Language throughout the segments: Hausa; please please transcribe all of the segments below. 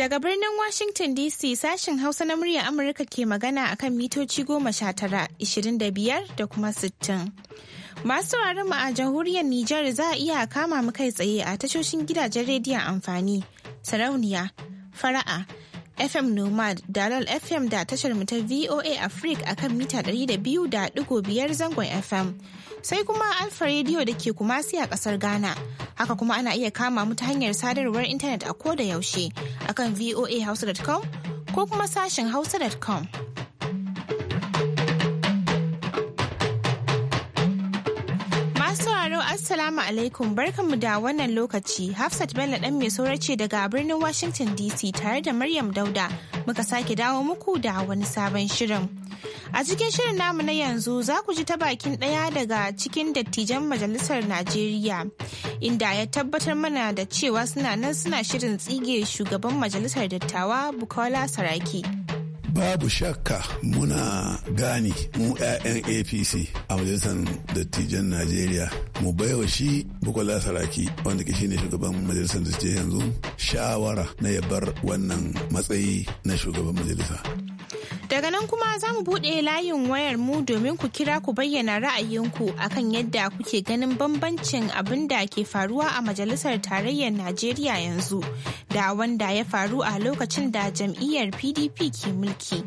Daga birnin Washington DC sashen Hausa na murya Amurka ke magana akan mitoci goma sha tara, ishirin da biyar da kuma sittin. Masu mu a jamhuriyar Nijar za a iya kama mu kai tsaye a tashoshin gidajen rediyon amfani, sarauniya, fara'a, FM Nomad da LOL FM da tashar ta VOA Africa akan mita 200.5 zangon FM. Sai kuma Alfa Radio da ke kumasi a kasar Ghana. Haka kuma ana iya kama mu ta hanyar sadarwar intanet a koda yaushe akan voahausa.com ko kuma sashen hausa.com. assalamu alaikum barkanmu da wannan lokaci Hafsat Bello dan mai ce daga birnin Washington DC tare da Maryam Dauda muka sake dawo muku da wani sabon shirin. A cikin shirin namu na yanzu za ku ji ta bakin ɗaya daga cikin dattijan Majalisar Najeriya inda ya tabbatar mana da cewa suna nan suna shirin tsige shugaban Majalisar Dattawa Bukola Saraki. babu shakka muna gani mu 'ya'yan apc a majalisar dattijan najeriya mu baiwa shi bukola saraki wanda ke shine shugaban majalisar dattijan yanzu shawara na ya bar wannan matsayi na shugaban majalisa Daga nan kuma za mu buɗe layin wayar mu domin ku kira ku bayyana ra'ayinku akan yadda kuke ganin bambancin abin da ke faruwa a Majalisar Tarayyar Najeriya yanzu da wanda ya faru a lokacin da jam'iyyar PDP ke mulki.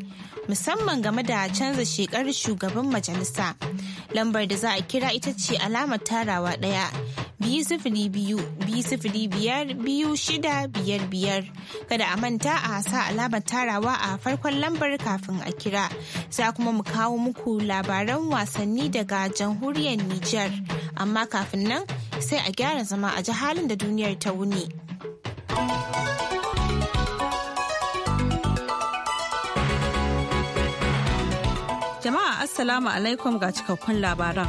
musamman game da canza shekar shugaban majalisa lambar da za a kira ita ce alamar tarawa ɗaya biyu sifili biyu biyu sifili biyar biyu shida biyar biyar kada a manta a sa alamar tarawa a farkon lambar kafin a kira za kuma mu kawo muku labaran wasanni daga jamhuriyar Nijar amma kafin nan sai a gyara zama a ji halin da duniyar ta wuni. Jama'a Assalamu alaikum ga cikakkun labaran.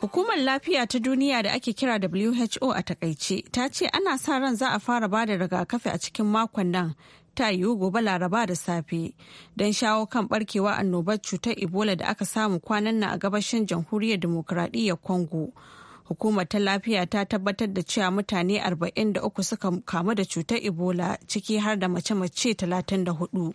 Hukumar lafiya ta duniya da ake kira WHO a takaice ta ce ana sa ran za a fara ba da rigakafi a cikin makon nan ta yiwu gobe laraba da safe don shawo kan barkewa annobar cutar ebola da aka samu kwanan nan a gabashin jamhuriyar demokuraɗiyyar congo hukumar ta lafiya ta tabbatar da cewa mutane 43 suka kamu da cutar ebola ciki har da mace-mace 34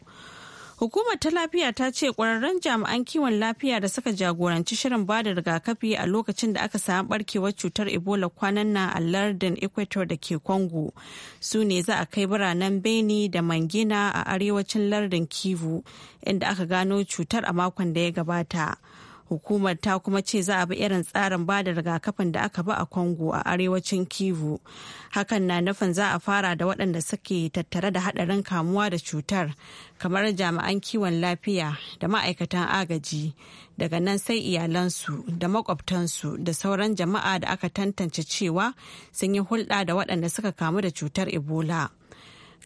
Hukumar ta lafiya ta ce kwararren jami'an kiwon lafiya da suka jagoranci shirin bada rigakafi a lokacin da aka samu barkewar cutar Ebola kwanan nan a lardin Equator da ke Congo. Su ne za a kai biranen Beni da Mangina a arewacin lardin Kivu inda aka gano cutar a makon da ya gabata. Hukumar ta kuma ce za a bi irin tsarin ba da rigakafin da aka bi a Congo a arewacin Kivu. Hakan na nufin za a fara da waɗanda suke tattare da haɗarin kamuwa da cutar, kamar jami'an kiwon lafiya da ma'aikatan agaji, daga nan sai iyalansu da makwabtansu da sauran jama'a da aka tantance cewa sun yi hulɗa da waɗanda suka kamu da cutar Ebola.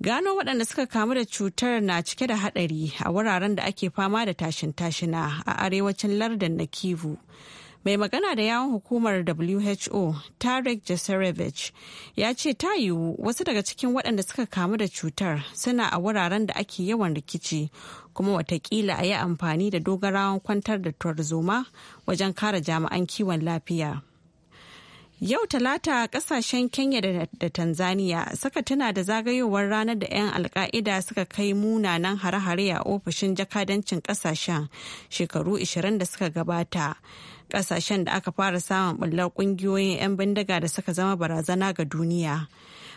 Gano waɗanda suka kamu da cutar na cike da haɗari a wuraren da ake fama da tashin tashina a arewacin lardin na Kivu. Mai magana da yawon hukumar WHO Tarek Jaserevich ya ce ta yiwu wasu daga cikin waɗanda suka kamu da cutar suna a wuraren da ake yawan rikici kuma watakila a yi amfani da dogarawan kwantar da tarzoma wajen kare jami'an kiwon lafiya. Yau talata kasashen Kenya da Tanzania suka tuna da zagayowar ranar da 'yan alka'ida suka kai munanan hare-hare a ofishin jakadancin kasashen shekaru 20 da suka gabata. Kasashen da aka fara samun bullar kungiyoyin 'yan bindiga da suka zama barazana ga duniya.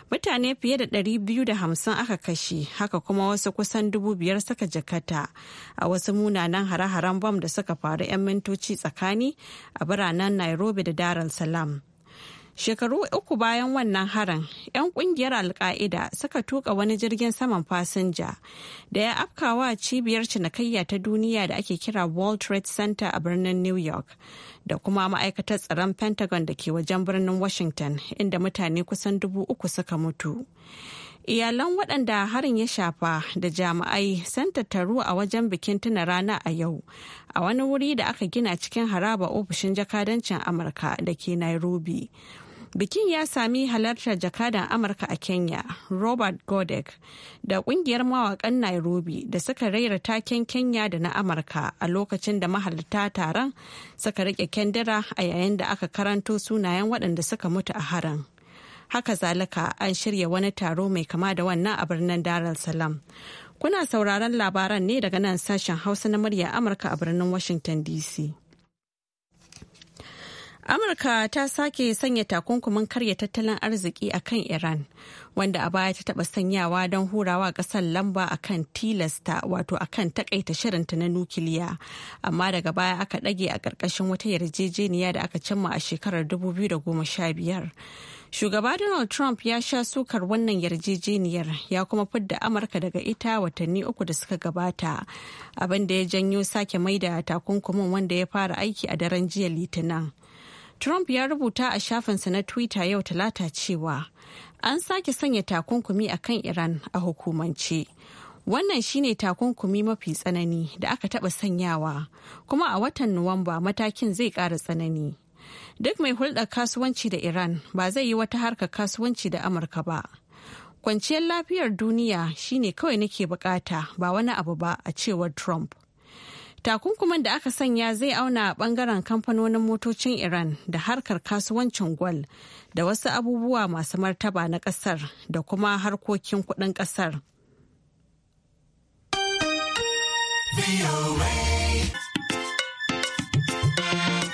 Mutane fiye da 250 aka kashe, haka kuma wasu kusan dubu biyar suka jakata a wasu munanan hare-haren bom da suka faru 'yan mintoci tsakani a biranen Nairobi da Dar es Salaam. Shekaru uku bayan wannan harin, 'yan kungiyar Alka'ida suka tuka wani jirgin saman fasinja da ya afkawa cibiyar cinikayya ta duniya da ake kira World Trade Center a birnin New York da kuma ma'aikatar tsaron Pentagon da ke wajen birnin Washington inda mutane kusan dubu uku suka mutu. Iyalan waɗanda harin ya shafa da jami'ai sun tattaru a wajen bikin tuna rana a yau a wani wuri da aka gina cikin haraba ofishin jakadancin Amurka da ke Nairobi. Bikin ya sami halartar jakadan Amurka a Kenya, Robert Godek, da kungiyar mawakan Nairobi da suka raira taken Kenya da na Amurka a lokacin da mahalarta taron suka rike kendira a yayin da aka karanto sunayen waɗanda suka mutu a harin. Haka zalika an shirya wani taro mai kama da wannan a birnin Dar es Salaam. Kuna sauraron labaran ne daga nan sashen Hausa na murya Amurka a birnin Washington DC. Amurka ta sake sanya takunkumin karya tattalin arziki a kan Iran, wanda a baya ta taɓa sanyawa don hurawa ƙasar lamba a kan tilasta wato a kan takaita shirinta na nukiliya, amma daga baya aka ɗage a ƙarƙashin wata yarjejeniya da aka cimma a shekarar 2015. Shugaba Donald Trump ya sha sukar wannan yarjejeniyar ya kuma fidda Amurka daga ita watanni uku da suka gabata, abin da ya janyo sake maida takunkumin wanda ya fara aiki a daren jiya Litinin. Trump ya rubuta a shafinsa na Twitter yau talata cewa an sake sanya takunkumi a kan Iran a hukumance. Wannan shine takunkumi mafi tsanani da aka taɓa sanyawa, kuma a watan Nuwamba matakin zai ƙara tsanani. Duk mai hulɗar kasuwanci da Iran ba zai yi wata harkar kasuwanci da Amurka ba. Kwanciyar lafiyar duniya shine kawai nake bukata ba wani abu ba a cewar Trump. takunkuman da aka sanya zai auna a bangaren kamfanonin motocin iran da harkar kasuwancin gwal da wasu abubuwa masu martaba na kasar da kuma harkokin kudin kasar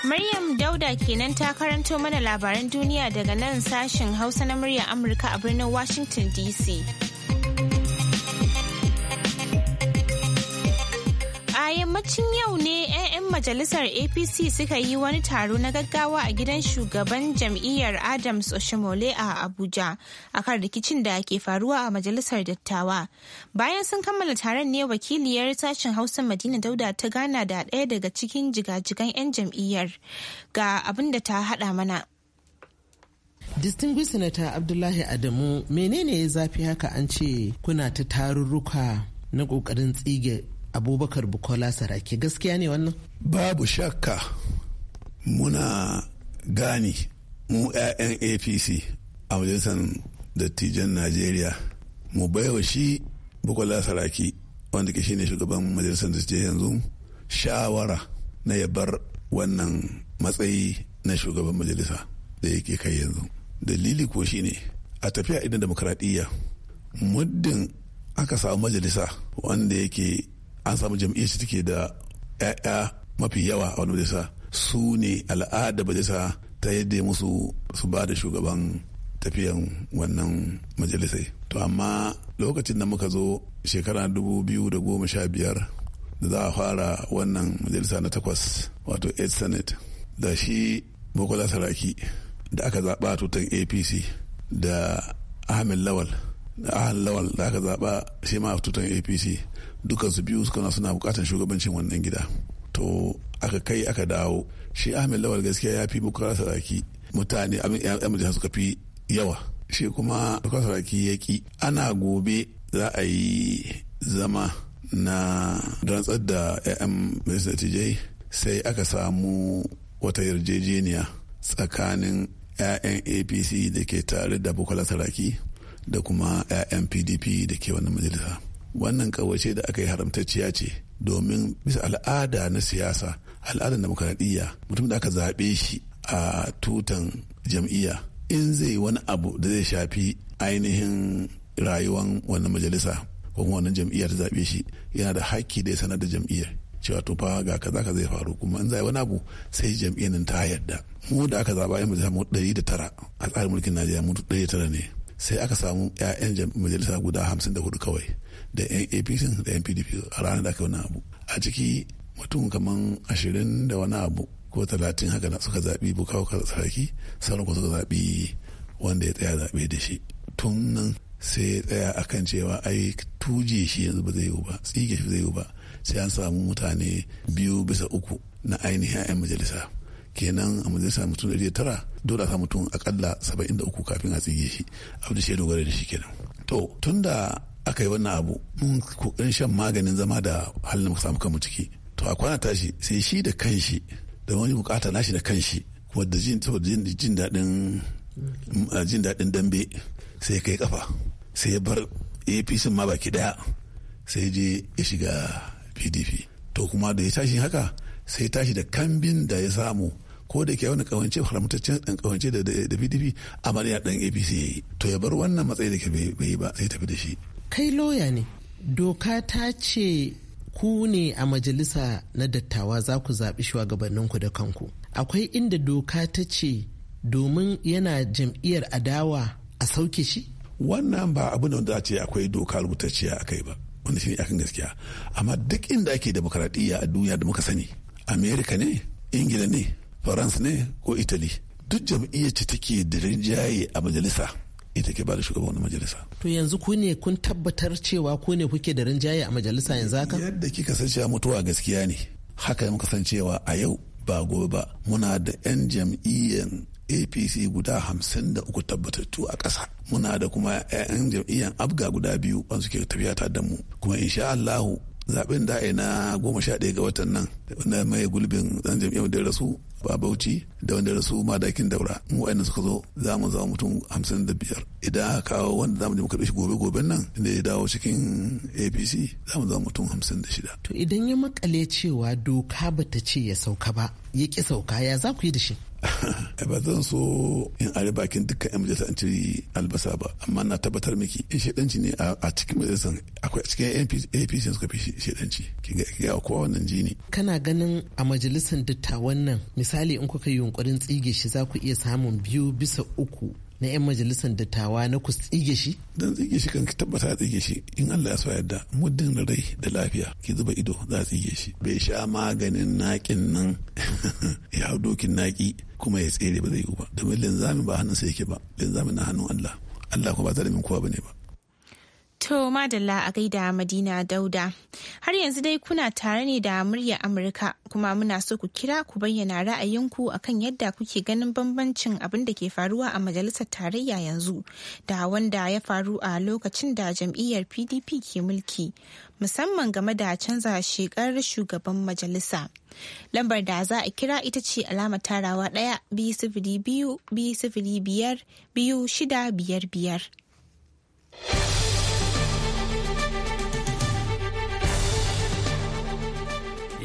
Maryam Dauda kenan ta karanto mana labaran duniya daga nan sashen Hausa na murya Amurka a birnin Washington DC. yammacin yau ne 'ya'yan majalisar apc suka yi wani taro na gaggawa a gidan shugaban jam'iyyar adams oshimole a abuja a akan rikicin da ke faruwa a majalisar dattawa bayan sun kammala taron ne wakiliyar sashen hausa madina dauda ta gana da ɗaya daga cikin jigajigan 'yan jam'iyyar ga abin da ta haɗa mana distinguished senator abdullahi adamu menene ya zafi haka an ce kuna ta tarurruka na ƙoƙarin tsige abubakar bukola sarake gaskiya ne wannan babu shakka muna gani mu 'ya'yan apc a majalisar dattijan najeriya mu baiwa shi bukola saraki wanda ke shine shugaban majalisar dattijan yanzu shawara na ya bar wannan matsayi na shugaban majalisa da yake kai yanzu dalili ko shine a tafiya idan demokradiyya muddin aka samu majalisa wanda yake an samu jam'iyyar shi take da 'ya'ya mafi yawa a wani majalisa su ne al'ada majalisa ta yadda musu su ba da shugaban tafiyan wannan majalisai to amma lokacin da muka zo shekara dubu biyu da goma sha biyar da za a fara wannan majalisa na takwas wato 8 senate da shi bukola saraki da aka zaɓa tutan apc da ahmed lawal da ahmed lawal da aka zaɓa shi ma tutan apc dukansu biyu kana suna bukatar shugabancin wannan gida to aka kai aka dawo shi ahmed lawal gaskiya ya fi bukara saraki mutane yan Jihar suka fi yawa shi kuma bukara saraki ya ki ana gobe za a yi zama na rantsar da 'ya'yan majalisar tijai sai aka samu wata yarjejeniya tsakanin 'ya'yan apc da ke tare da bukola saraki da kuma 'ya'yan pdp da ke wannan majalisa wannan kawace da aka yi haramtacciya ce domin bisa al'ada na siyasa al'adar demokradiyya mutum da aka zaɓe shi a tutan jam'iyya in zai wani abu da zai shafi ainihin rayuwan wannan majalisa ko wannan jam'iyya ta zaɓe shi yana da haƙƙi da ya sanar da jam'iyya. cewa to fa ga kaza ka zai faru kuma in zai wani abu sai jam'iyyar nan ta yarda mu da aka zaɓa yan majalisa mu ɗari da tara a tsarin mulkin najeriya mu ɗari da tara ne sai aka samu 'ya'yan majalisa guda hamsin da hudu kawai da apc da npdp a ranar da aka wani abu a ciki mutum kamar ashirin da wani abu ko talatin haka na suka zaɓi bukawa sarki sauran ko suka zaɓi wanda ya tsaya zaɓe da shi tun nan sai ya tsaya kan cewa ai tuje shi yanzu ba zai yiwu ba tsige shi zai yiwu ba sai an samu mutane biyu bisa uku na ainihin 'yan majalisa kenan a majalisa mutum da ɗari tara dole a samu mutum akalla saba'in da uku kafin a tsige shi abu da shi ya dogara da shi kenan to tunda aka yi wannan abu mun kokarin shan maganin zama da halin da muka samu kanmu ciki to a kwana tashi sai shi da kanshi da wani bukata nashi da kanshi kuma da jin daɗin jin daɗin dambe sai kai kafa sai ya bar apc ma baki daya sai je ya shiga pdp to kuma da ya tashi haka sai tashi da kambin da ya samu ko da ke wani kawance haramtaccen dan kawance da pdp amma ya dan apc ya yi to ya bar wannan matsayi da ke bai yi ba sai tafi da shi kai loya ne doka ta ce ku ne a majalisa na dattawa za ku zaɓi shugabanninku da kanku akwai inda doka ta ce domin yana jam'iyyar adawa a sauke shi wannan ba abin da wanda a ce akwai doka rubutacciya a kai ba wanda shine akan gaskiya amma duk inda ake demokaradiyya a duniya da muka sani amerika ne ingila ne faransa ne ko italy duk jam'iyyar ce take da rinjaye a majalisa ita ke bada shugaban wani majalisa. To yanzu ku ne kun tabbatar cewa ku ne kuke da rinjaye a majalisa yanzu haka? Yadda kika san cewa mutuwa gaskiya ne. Haka muka san cewa a yau ba gobe ba muna da 'yan jam'iyyan APC guda hamsin da uku tabbatattu a ƙasa. Muna da kuma 'yan jam'iyyan Abga guda biyu wanda suke tafiya ta da mu. Kuma insha Allahu zaben da na goma sha ɗaya ga watan nan na mai gulbin ɗan jam'iyyar da rasu ba bauchi da wanda rasu madakin daura mu wa'anda suka zo za mu zama mutum hamsin da biyar idan aka kawo wanda za mu je mu karɓe shi gobe goben nan da ya dawo cikin apc za mu zama mutum hamsin da shida. to idan ya makale cewa doka bata ce ya sauka ba ya ki sauka ya za ku yi da shi. Eh, ba zan so in ari bakin duka yan majalisa an ciri albasa ba amma na tabbatar miki in eh, shaidanci ne a cikin majalisar akwai cikin apc suka fi shaidanci ki ga kowa wannan jini kana ganin a majalisar dattawan nan misali in kuka yi yunkurin tsige shi za ku iya samun biyu bisa uku na 'yan majalisar dattawa na ku tsige shi? Dan tsige shi kan tabbata tsige shi in Allah ya so yadda muddin da rai da lafiya ki zuba ido za tsige shi. Bai sha maganin naƙin nan ya hau dokin naƙi kuma ya tsere ba zai yi ba domin linzamin ba hannun sa yake ba linzamin na hannun Allah Allah kuma ba zalimin kowa bane ba To Madalla a gaida Madina Dauda. Har yanzu dai kuna tare ne da murya Amurka kuma muna so ku kira ku bayyana ra'ayinku akan yadda kuke ganin bambancin abin da ke faruwa a majalisar tarayya yanzu da wanda ya faru a lokacin da jam'iyyar PDP ke mulki musamman game da canza shekar shugaban majalisa. Lambar da za a kira ita ce alama tarawa ɗaya biyu sifili biyar biyu shida biyar biyar.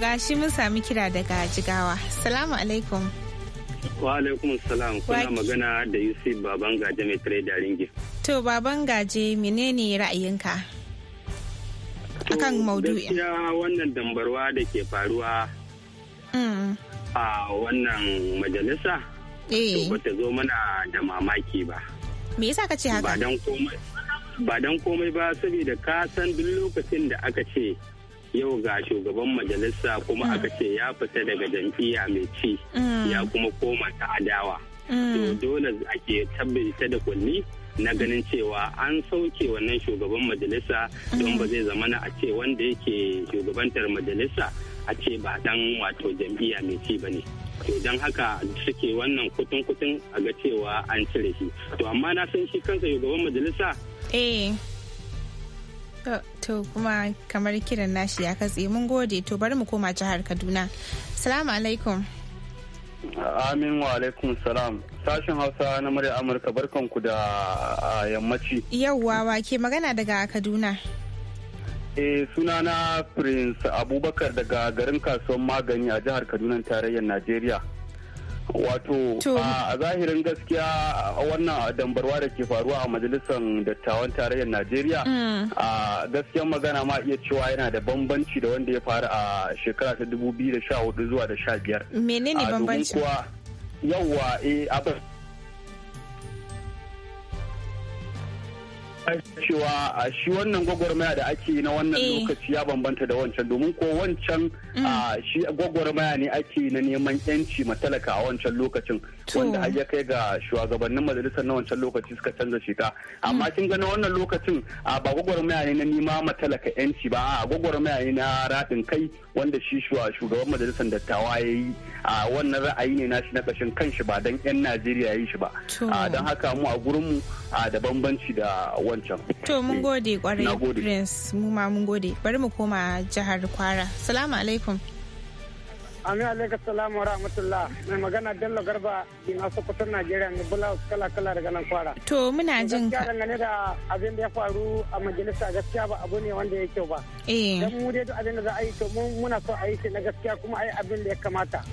ga shi mun sami kira daga jigawa salamu alaikum wa alaikum salam kuna magana da yusuf baban gaje mai tare da ringi to baban gaje menene ra'ayinka akan maudu'i Ya wannan dambarwa da ke faruwa mm. a wannan majalisa eh. ba ta zo mana da mamaki ba me yasa ka ce haka ba dan komai ba saboda ka san duk lokacin da aka ce yau ga shugaban majalisa kuma aka ce ya fita daga jam'iyya mai ci mm. ya kuma koma ta adawa mm. dole ake tabbata da kulli na ganin cewa an sauke wannan shugaban majalisa don mm. ba zai zamana a ce wanda yake shugabantar majalisa a ce ba dan wato jam'iyya mai ci ba ne to don haka suke wannan kutun-kutun a ga cewa an cire shi to amma na san shi kansa shugaban majalisa eh Eh, to kuma kamar kiran nashi ya katse mun gode to bari mu koma jihar Kaduna. Salamu alaikum. Amin wa alaikum salam. Sashen Hausa na murya Amurka barkanku da yammaci. Yauwa wa ke magana daga Kaduna. Eh sunana Prince Abubakar daga garin kasuwan magani a jihar Kaduna tarayyar Najeriya. wato a zahirin gaskiya wannan dambarwa da ke faruwa a majalisar dattawan tarayyar najeriya mm. a gaskiyar magana ma iya cewa yana da bambanci da wanda ya faru a shekara ta 2014 zuwa da 15 menene bambanci yawwa eh abin cewa a shi wannan gwagwarmaya da ake na wannan eh. lokaci ya bambanta da wancan domin ko wancan mm. shi gwagwarmaya ne ake na neman yanci matalaka a wancan lokacin wanda har ya kai ga shugabannin majalisar na wancan lokaci suka canza sheka amma mm. kin ga na wannan lokacin ba gwagwarmaya ne na nema matalaka yanci ba a gwagwarmaya ne na raɗin kai wanda shi shugaban majalisar dattawa ya yi a wannan ra'ayi ne na shi na kashin kanshi ba dan 'yan Najeriya ya yi shi ba don haka mu a gurinmu da bambanci da wancan to mun gode kwarai prince mu ma mun gode bari mu koma jihar kwara salamu alaikum Amin alaikum salamu wa rahmatullah mai magana Bello Garba masu Sokoto Najeriya mai bula kala kala daga nan kwara. To muna jin ka. Gaskiya dangane da abin da ya faru a majalisa gaskiya ba abu ne wanda ya kyau ba. Eh. Dan mu dai abin da za a yi to muna so a yi shi na gaskiya kuma a yi abin da ya kamata.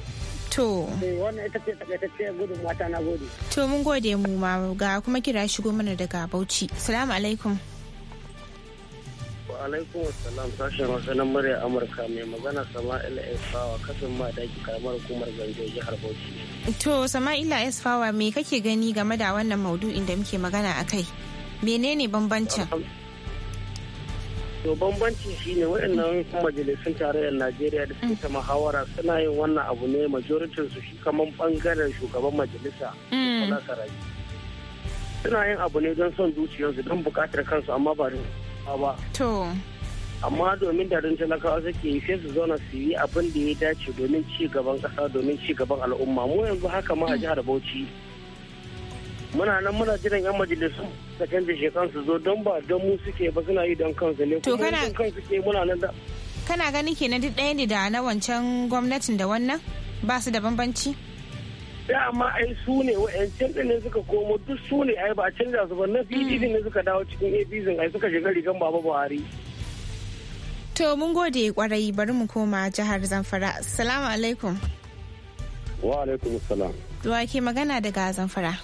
To. Wannan ita ce takaitacce gudun mata na gode. To mun gode mu ma ga kuma kira shigo mana daga Bauchi. Salamu alaikum. Wa alaikum assalam sashen nan murya Amurka mai magana Sama'ila Esfawa kafin ma daki karamar hukumar Zanjo jihar Bauchi. To Sama'ila Esfawa me kake gani game da wannan maudu'in da muke magana a kai? Menene bambancin? to bambanci shine waɗannan majalisun tarayyar najeriya da suke ta mm. muhawara suna yin wannan abu ne majoritin su shi kamar bangaren shugaban majalisa mm. suna yin abu ne don son zuciyarsu don bukatar kansu amma ba ba to amma domin da rin talakawa suke yi sai su zauna su yi abin da ya dace domin ci gaban kasa domin ci gaban al'umma mu yanzu haka ma a mm. jihar bauchi muna nan muna jiran yan majalisun da canza shekan su zo don ba don mu suke ba suna yi don kansu ne to kana kan ke muna nan da kana gani kenan duk ɗaya ne da na wancan gwamnatin da wannan ba su da bambanci amma ai su ne ɗin ne suka komo duk su ne ai ba a canza su ba na pdp hmm. ne suka dawo cikin apc ai suka shiga rigan baba buhari To mun gode kwarai bari mu koma jihar Zamfara. Salamu alaikum. Wa alaikum salam. Duwa ke magana daga Zamfara.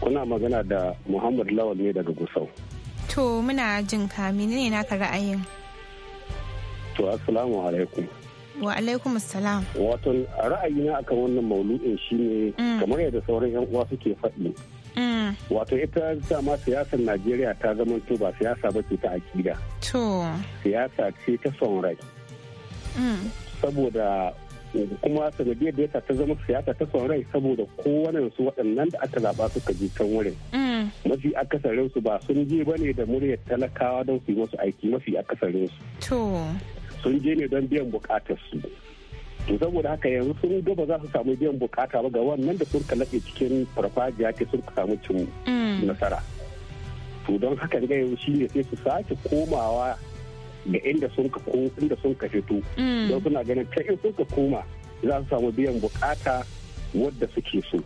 kuna magana da muhammad lawal ne daga gusau to muna jin ka menene naka ra'ayin to assalamu alaikum wa alaikum assalam wato ra'ayina akan wannan maulu'in shine mm. kamar yadda sauran yan uwa suke faɗi mm. wato ita ma siyasar najeriya ta zamanto ba siyasa ba ce ta akida to siyasa ce ta son rai mm. saboda kuma sanadiyar da yasa ta zama siyasa ta son rai saboda kowane su waɗannan da aka zaɓa suka je can wurin mm. mafi akasarin su ba sun je ba ne da muryar talakawa don su yi wasu aiki mafi akasarin su sun je ne don biyan bukatar su to saboda haka yanzu sun ga ba za su samu biyan bukata ba ga wannan da sun kalaɗe cikin farfajiya ke sun samu cin mm. nasara to don hakan ga yanzu shi ne sai su sake komawa da inda sun ka ko inda sun ka fito mm. don suna ganin ta in sun ka koma za su samu biyan bukata wadda suke so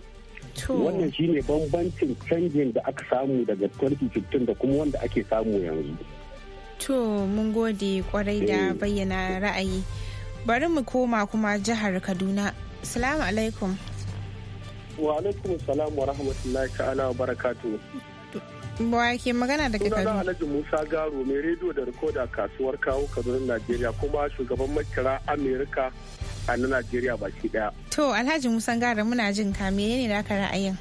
wannan shine bambancin canjin da aka samu daga 2015 da kuma wanda ake samu yanzu to mun gode kwarai da eh. bayyana ra'ayi bari mu koma kuma jihar kaduna salamu alaikum wa alaikum salam wa rahmatullahi ta'ala wa barakatuh Bawa ke magana da kakadu. Sunana Alhaji Musa Garo mai rediyo da rikoda kasuwar kawo Kaduna Najeriya kuma shugaban makira Amerika a na Najeriya baki daya. To Alhaji Musa Garo muna jin ka menene naka ra'ayin?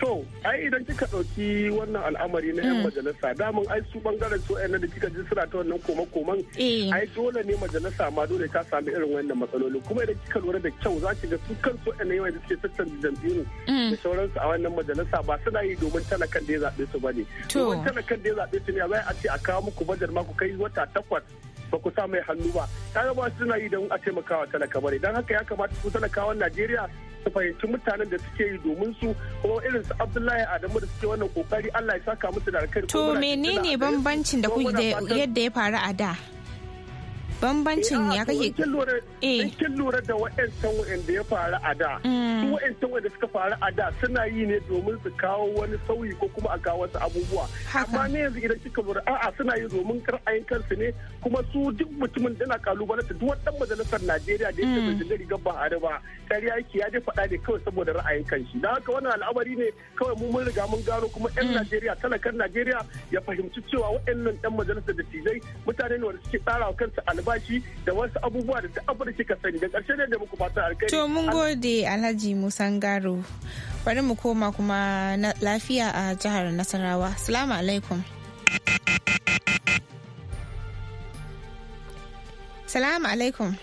To, ai idan kika ɗauki wannan al'amari na 'yan mm. majalisa, daman ai su bangaren su na da kika ji suna ta wannan koma-koman, eh. ai dole ne majalisa ma dole ta sami irin wannan matsaloli. Kuma idan kika lura da kyau za ki ga su kan su na yawan da suke da jam'iyyu mm. da sauransu a wannan majalisa ba suna yi domin talakan da ya zaɓe su ba ne. Domin talakan da ya zaɓe su ne za a ce a kawo muku bajar ma ku kai wata takwas ba ku sa mai hannu ba. Ta ba suna yi don a taimakawa talaka ba ne. Don haka ya kamata su talakawan Najeriya su fahimci mutanen da suke yi domin su kuma irin su Abdullahi Adamu da suke wannan kokari Allah ya saka musu da alkhairi. To menene bambancin da yadda ya faru a da? bambancin ya kake eh. kin lura da wa'ancan da ya faru a da mm. su wa'ancan da suka faru a da suna yi ne domin su kawo wani sauyi ko kuma a kawo wasu abubuwa amma ne yanzu idan kika lura a'a suna yi domin ra'ayin kansu ne kuma su duk mutumin da na kalubalanta duk wannan dan majalisar Najeriya da yake da mm. rigar Buhari ba kariya yake ya je faɗa ne kawai saboda ra'ayin kanshi dan haka wannan al'amari ne kawai mu mun riga mun gano kuma yan mm. Najeriya talakan Najeriya ya fahimci cewa wa'annan dan majalisar da tijai mutane ne wanda suke tsara kansu albashi da wasu abubuwa da abu da kika sani da ƙarshe ne da muku fata alkai to mun gode alhaji Musa garo bari mu koma kuma lafiya a jihar nasarawa salamu alaikum salamu alaikum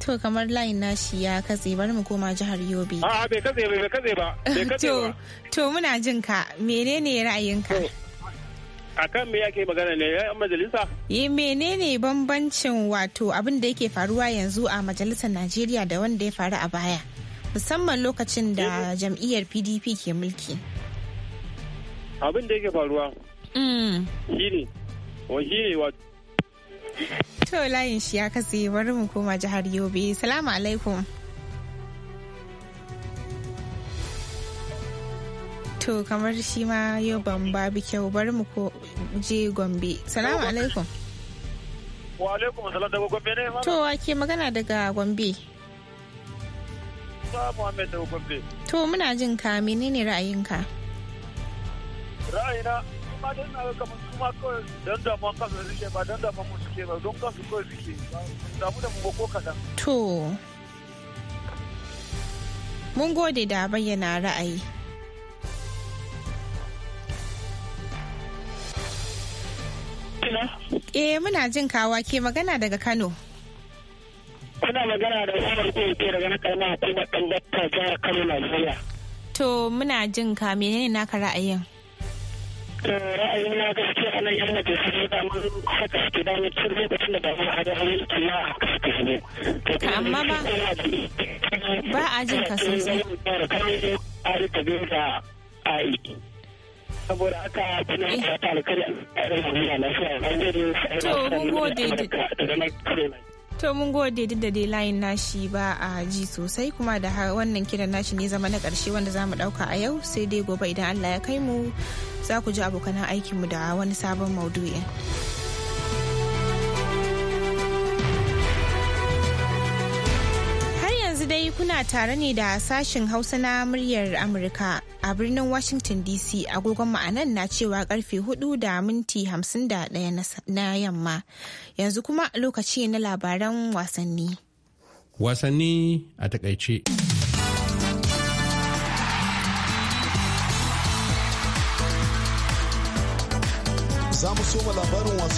to kamar layin nashi ya katse bari mu koma jihar yobe a bai katse ba bai katse ba to to muna jin ka menene ra'ayinka a kan me yake magana ne a majalisa yi menene bambancin wato abin da yake faruwa yanzu a majalisar najeriya da wanda ya faru a baya musamman lokacin da eh, eh. jam'iyyar pdp ke mulki abin da yake faruwa mm. shine ne wato to layin shi ya katse bari mu koma jihar yobe salamu alaikum to kamar shi ma yau ban babu kyau bar mu ko je gombe salamu alaikum wa alaikum salam daga gombe ne to ke magana daga gombe muhammed daga gombe to muna jin ka menene ra'ayinka ra'ayina ba dan na ga kamar su ko dan da mun kansu suke ba don damuwan mu suke ba don kansu kawai suke damu da mu ko kaɗan to mun gode da bayyana ra'ayi Eh muna jin kawa ke magana daga Kano. Kuna magana da Umar Kowace daga na karama hukumar Ɗanbatta jihar Kano Najeriya. To muna jin ka menene naka ra'ayin? To gaske a nan yan majalisa ne da mun saka su da mu cin lokacin da ba mu hada hannun Allah a kasu ne. Ka amma ba ba a jin ka sosai. ba a jin ka sosai. saboda to mun gode to mun duk da dai layin nashi ba a ji sosai kuma da wannan kiran nashi ne zama na karshe wanda za mu ɗauka a yau sai dai gobe idan allah ya kai mu za ku ji abokanan aikinmu da wani sabon maudu'in. dai kuna tare ne da sashen Hausa na muryar Amurka a birnin Washington DC agogon ma'anan na cewa karfe 4 da minti 51 na yamma. Yanzu kuma lokaci na labaran wasanni. Wasanni a takaice.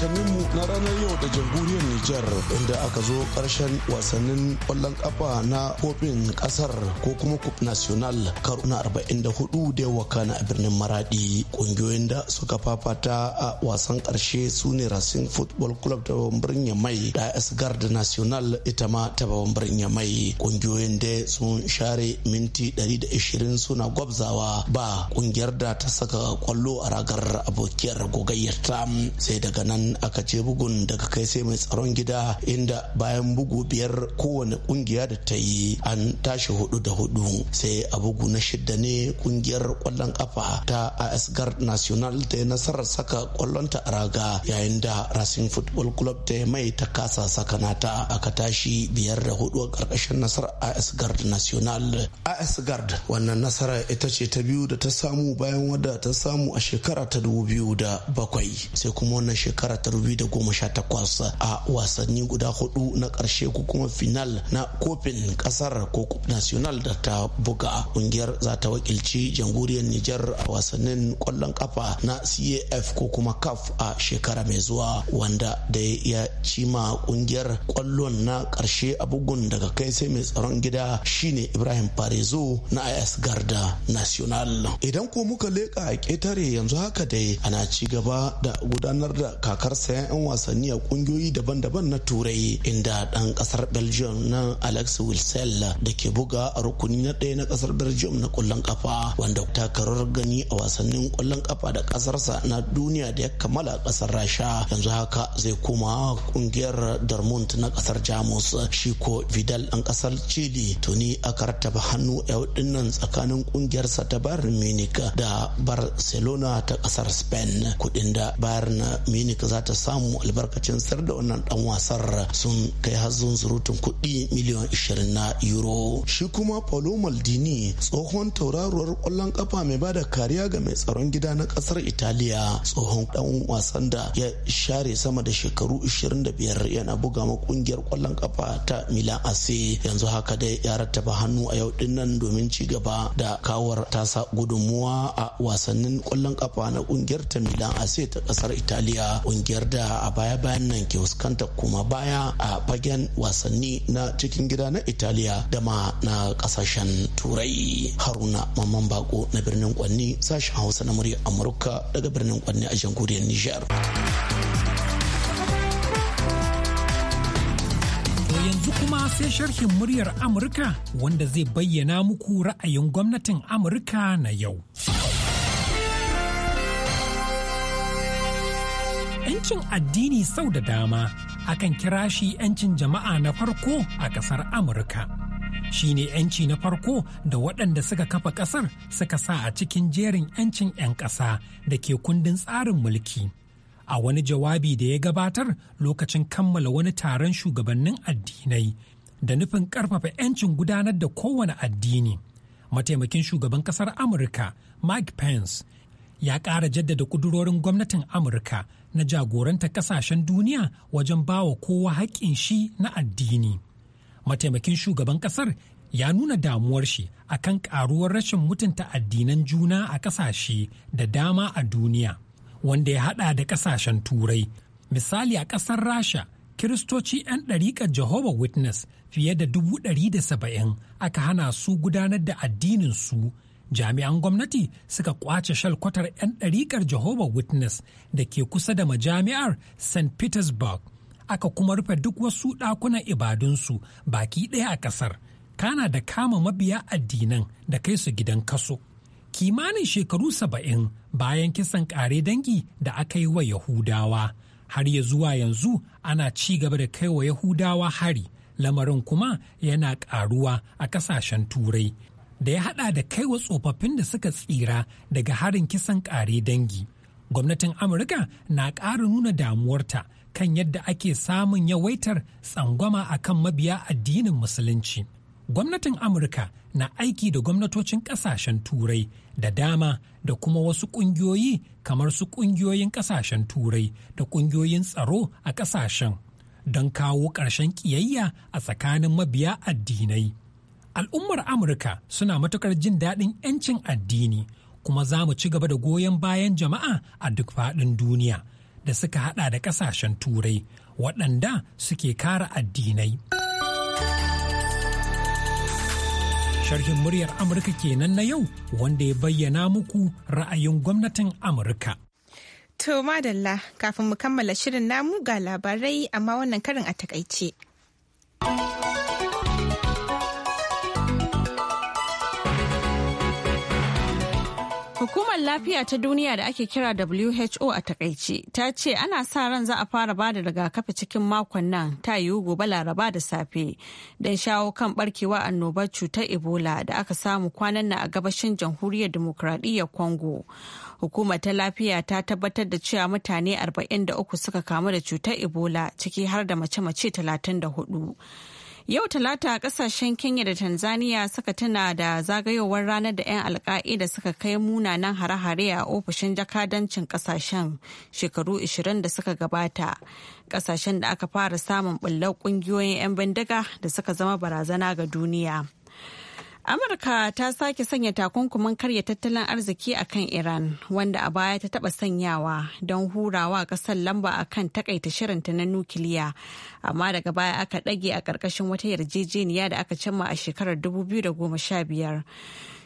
mu na ranar yau da jamhuriyar Nijar inda aka zo karshen wasannin kwallon kafa na kofin kasar ko kuma cup national karo na 44 da yawa na birnin maradi kungiyoyin da suka fafata a wasan karshe su ne racing football club ta babban birnin mai da as national ita ma ta babban birnin mai kungiyoyin da sun share minti 120 suna gwabzawa ba kungiyar da ta saka kwallo a ragar abokiyar gogayyar ta sai daga nan aka ce bugun daga kai sai mai tsaron gida inda bayan bugu biyar kowane kungiya da ta yi an tashi hudu da hudu sai a bugu na shidda ne kungiyar kwallon kafa ta asgar National ta yi nasarar saka kwallon ta raga yayin da Racing Football Club ta mai ta kasa saka nata aka tashi biyar da hudu a karkashin nasarar AS National. ASGard wannan nasara ita ce ta biyu da ta samu bayan wadda ta samu a shekara ta dubu biyu da bakwai sai kuma wannan shekara shekara a wasanni guda hudu na ƙarshe ko kuma final na kofin kasar ko national da ta buga kungiyar za ta wakilci jamhuriyar Nijar a wasannin ƙwallon kafa na CAF ko kuma CAF a shekara mai zuwa wanda da ya cima kungiyar kwallon na ƙarshe a bugun daga kai sai mai tsaron gida shine Ibrahim Farezo na IS Garda National. Idan ko muka leka a ketare yanzu haka dai ana ci gaba da gudanar da kaka kakar sayan 'yan wasanni a kungiyoyi daban-daban na turai inda dan kasar belgium na alex wilsel da ke buga a rukuni na ɗaya na kasar belgium na kwallon kafa wanda takarar gani a wasannin kwallon kafa da kasarsa na duniya da ya kammala kasar rasha yanzu haka zai koma kungiyar dortmund na kasar jamus shi ko vidal dan kasar chile tuni aka rattaba hannu a dinnan tsakanin kungiyarsa ta bayern munich da barcelona ta kasar spain kudin da bayern munich za ta samu albarkacin sayar da wannan dan wasar sun kai har zurutun kuɗi miliyan 20 na euro shi kuma paulo maldini tsohon tauraruwar ƙwallon kafa mai bada kariya ga mai tsaron gida na ƙasar italiya tsohon dan wasan da ya share sama da shekaru 25 yana buga ma kungiyar ƙwallon kafa ta milan ase yanzu haka dai ya rattaba hannu a yau din nan domin ci gaba da kawar tasa gudunmuwa a wasannin ƙwallon kafa na kungiyar ta milan ase ta ƙasar italiya kungiyar da a baya-bayan nan ke fuskantar kuma baya a fagen wasanni na cikin gida na italiya da ma na kasashen turai haruna mamman bako na birnin kwanni sashen hausa na murya amurka daga birnin kwanni a jamhuriyar nijar yanzu kuma sai sharhin muryar amurka wanda zai bayyana muku ra'ayin gwamnatin amurka na yau. 'Yancin addini sau da dama akan kira shi 'yancin jama'a na farko a ƙasar Amurka. Shi ne 'yanci na farko da waɗanda suka kafa ƙasar suka sa a cikin jerin 'yancin 'yan ƙasa da ke kundin tsarin mulki. A wani jawabi da ya gabatar lokacin kammala wani taron shugabannin addinai da nufin ƙarfafa 'yancin gudanar da kowane addini. Mataimakin shugaban ƙasar Amurka Mike Pence ya ƙara jaddada ƙudurorin gwamnatin Amurka na jagoranta kasashen duniya wajen bawa kowa haƙƙin shi na addini. Mataimakin shugaban ƙasar ya nuna damuwar shi a kan ƙaruwar rashin mutunta addinan juna a ƙasashe da dama a duniya, wanda ya haɗa da ƙasashen turai. Misali a ƙasar Rasha, Kiristoci 'yan ɗariƙar Jehovah Witness fiye da dubu ɗari da saba'in aka hana su gudanar da addininsu jami'an gwamnati suka kwace shalkwatar 'yan ɗariƙar Jehovah Witness da ke kusa da majami'ar St. Petersburg. Aka kuma rufe duk wasu ɗakunan ibadunsu baki ɗaya a ƙasar, kana da kama mabiya addinan da kai su gidan kaso. Kimanin shekaru saba'in bayan kisan ƙare dangi da aka yi wa Yahudawa, har ya zuwa yanzu ana ci gaba da kai wa Yahudawa hari, lamarin kuma yana ƙaruwa a ƙasashen Turai. da ya hada da kaiwa tsofaffin da suka tsira daga harin kisan kare dangi. Gwamnatin Amurka na ƙara nuna damuwarta kan yadda ake samun yawaitar tsangwama a kan mabiya addinin Musulunci. Gwamnatin Amurka na aiki da gwamnatocin ƙasashen Turai da dama da kuma wasu ƙungiyoyi kamar su ƙungiyoyin ƙasashen Turai da ƙungiyoyin tsaro a ƙasashen don kawo ƙarshen ƙiyayya a tsakanin mabiya addinai. Al'ummar Amurka suna matukar jin daɗin 'yancin addini kuma za mu ci gaba da goyon bayan jama'a a duk faɗin duniya da suka haɗa da ƙasashen turai waɗanda suke kara addinai. Sharhin muryar Amurka kenan na yau wanda ya bayyana muku ra'ayin gwamnatin Amurka. To madalla kafin mu kammala shirin namu ga labarai amma wannan karin a takaice. Hukumar lafiya ta duniya da ake kira WHO a takaice ta ce ana sa ran za a fara bada rigakafi cikin makon nan ta yiwu gobe laraba da safe don shawo kan barkewa annobar cutar Ebola da aka samu kwanan nan a gabashin jamhuriyar demokradiyyar Congo. Hukumar ta lafiya ta tabbatar da cewa mutane 43 suka kamu da cutar Ebola ciki har da mace-mace 34. Yau talata kasashen Kenya da Tanzania suka tuna da zagayowar ranar da 'yan alka'ida suka kai munanan hare-hare a ofishin jakadancin kasashen shekaru 20 da suka gabata. Kasashen da aka fara samun bullar kungiyoyin 'yan bindiga da suka zama barazana ga duniya. Amurka ta sake sanya takunkumin karya tattalin arziki a kan Iran wanda a baya ta taba sanyawa don hurawa kasar lamba a kan takaita shirinta na nukiliya amma daga baya aka ɗage a ƙarƙashin wata yarjejeniya da aka cimma a shekarar 2015.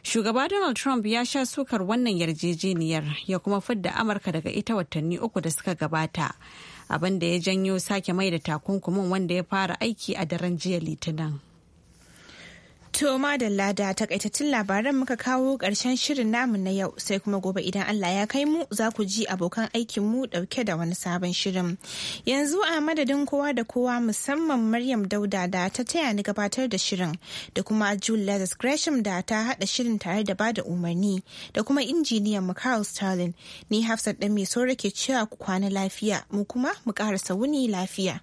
Shugaba Donald Trump ya sha sukar wannan yarjejeniyar ya kuma fidda Amurka daga ita watanni uku da suka gabata. abinda ya janyo sake mai da takunkumin wanda ya fara aiki a daren jiya litinin. To da da takaitattun labaran muka kawo ƙarshen shirin namu na yau sai kuma gobe idan Allah ya kai mu za ku ji abokan aikin mu ɗauke da wani sabon shirin. Yanzu a madadin kowa da kowa musamman Maryam Dauda da ta taya ni gabatar da shirin da kuma Lazarus Gresham da ta haɗa shirin tare da bada umarni da kuma injiniyan mu Carl Sterling. Ni Hafsat ɗan mai saurake cewa ku kwana lafiya mu kuma mu ƙarasa wuni lafiya.